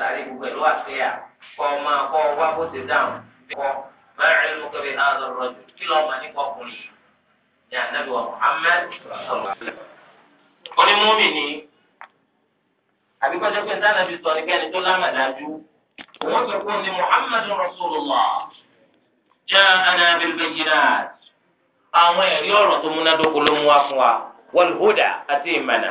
sàárè gbogbo ẹ̀ ló ọmọ akọ́ wá bó ti dáhùn kọ́ mẹ́rin ló kẹ́bi náà lọ rọ kí lọ́ọ́ nípa ọkùnrin yìí ní wa ni àbíkọ́jọ́ pé sọ kẹ́ni tó lámàdájú wọ́n sọ Muhammad Rasulullah àwọn ẹ̀rí ọ̀rọ̀ tó múnádóko ló mú wá fún wa àti ìmọ̀nà.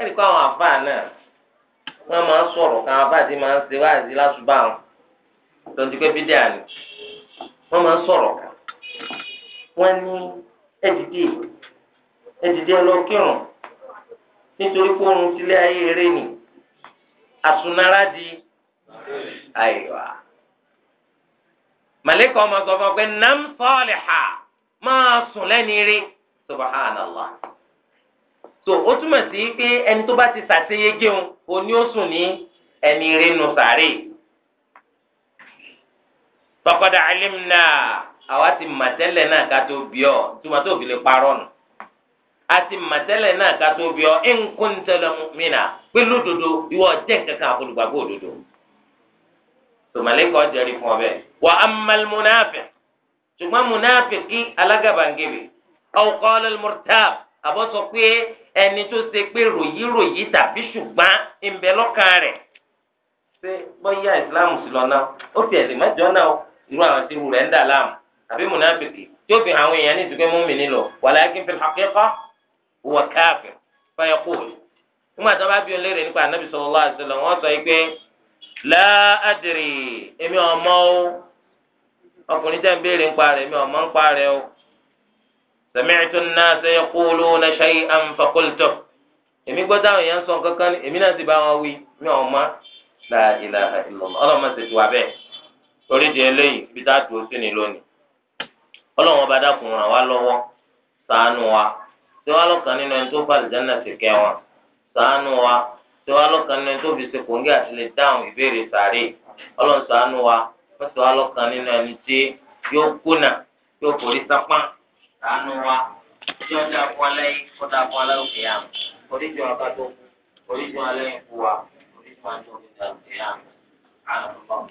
ẹnì kó àwọn àfáà náà wọn máa ń sọ̀rọ̀ kan àfáà ti máa ń ṣe wáàzí lásùbà wọn tó pé máa ń sọ̀rọ̀ kan wọn ní ni di àìwá màlẹ́kà ọmọ sọ fún ọ pé nam sọ́ọ̀lì ha máa sùn lẹ́ni rí so ó túmọ̀ sí pé ẹni tó bá ti ṣàṣeyege òun òní ó sùn ní ẹni rinu sàárè faqad alimna àwa ti mà tẹ́lẹ̀ náà ká tó bí ọ túmọ̀ tó fi lè parọ́ nù a ti mà tẹ́lẹ̀ náà ká tó bí ọ in kunta la mu'mina pé lódodo ìwọ jẹ́ kankan àfọlùgbàgbọ́ òdodo tòmálẹ́kọ̀ jẹ́rìí fún ọ bẹ́ẹ̀ wa ammal munafiq ṣùgbọ́n munafiq kí alágàbàǹgẹ̀bẹ̀ aw àbọ̀ sọ pé ẹni tó ṣe pé ròyìn ròyìn tàbí ṣùgbọ́n ìbẹ̀ lọ́kàn rẹ̀ ṣé bọ́yá ìsìláàmù sí lọ́nà ó fi ẹ̀sìn mẹ́jọ náà irú àwọn tí irú rẹ̀ ń dà láàmú àbí mùnàfíkì tí ó fi àwọn èèyàn ní ìdúgbẹ́ mọ́mì nílò walakin fil haqiqa huwa kafir fa yaqul nígbà tó bá bí ọ léèrè nípa ànábì sallallahu alaihi wasallam wọ́n sọ pé la adri èmi ọmọ o ọkùnrin tẹ́ ń béèrè ń parẹ́ èmi ọmọ ń parẹ́ o sami'tu an-nasa yaquluna shay'an faqultu èmi gbọ́ táwọn èèyàn ń sọ kankan ní èmi náà sì bá wọn wí mi ò mọ̀ la ilaha illallah ọlọ́mọ sì ti wà bẹ́ẹ̀ torí di eléyìí ibi tá a dúró sí ni lónìí ọlọ́wọ́n bá dákun ràn wá lọ́wọ́ ṣàánú wa tí wàá lọ́kàn nínú ẹni tó fà lìjánà sí kẹ́ wọn ṣàánú wa tí wàá lọ́kàn nínú ẹni tó fi ṣe kòńgé àti lè dáhùn ìbéèrè sàárè ọlọ́run ṣàánú wa wọ́n ti wàá lọ́kàn nínú ẹni tí yóò kùnà yóò forí sápá sànù wa tí ọjà fún alẹ́ kódà fún alẹ́ òkè yà oríṣi wa bá tó oríṣi wa lẹ́yìn fún wa oríṣi wa tó oríṣi wa tó yà àlọ́.